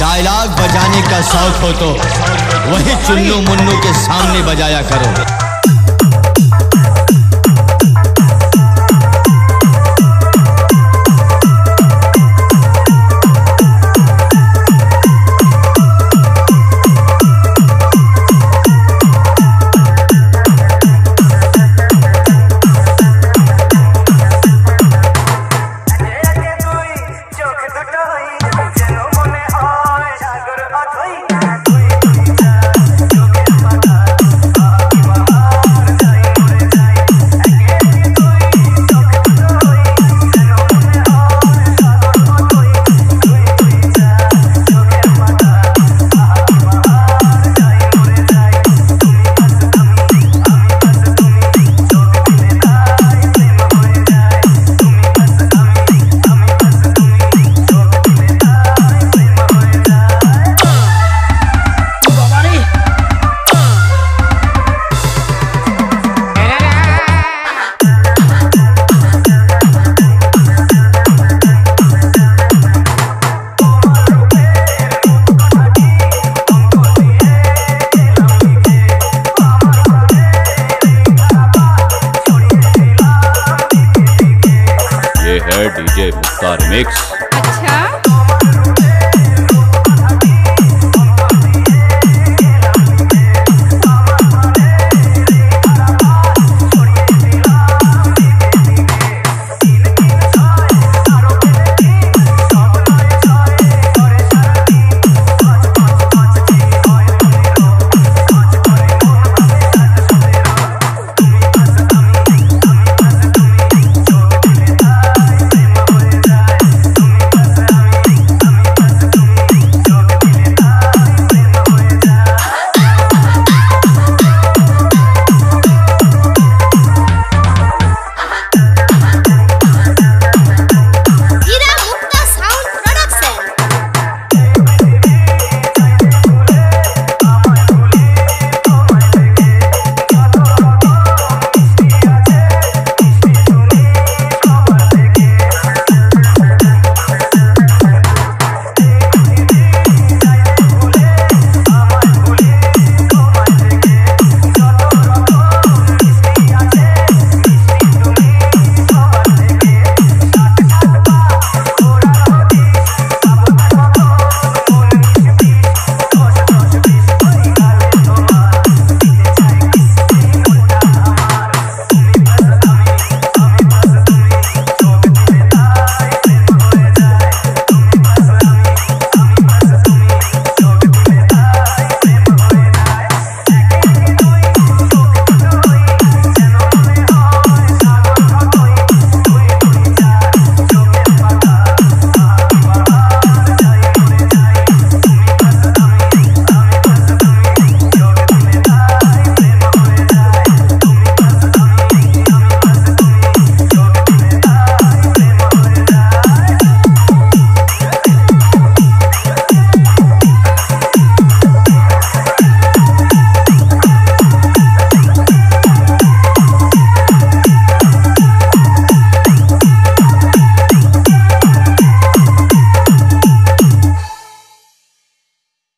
dialogue बजाने का शौक हो तो वही चुन्नू मुन्नू के सामने बजाया करो है डीजे मुख्तार मिक्स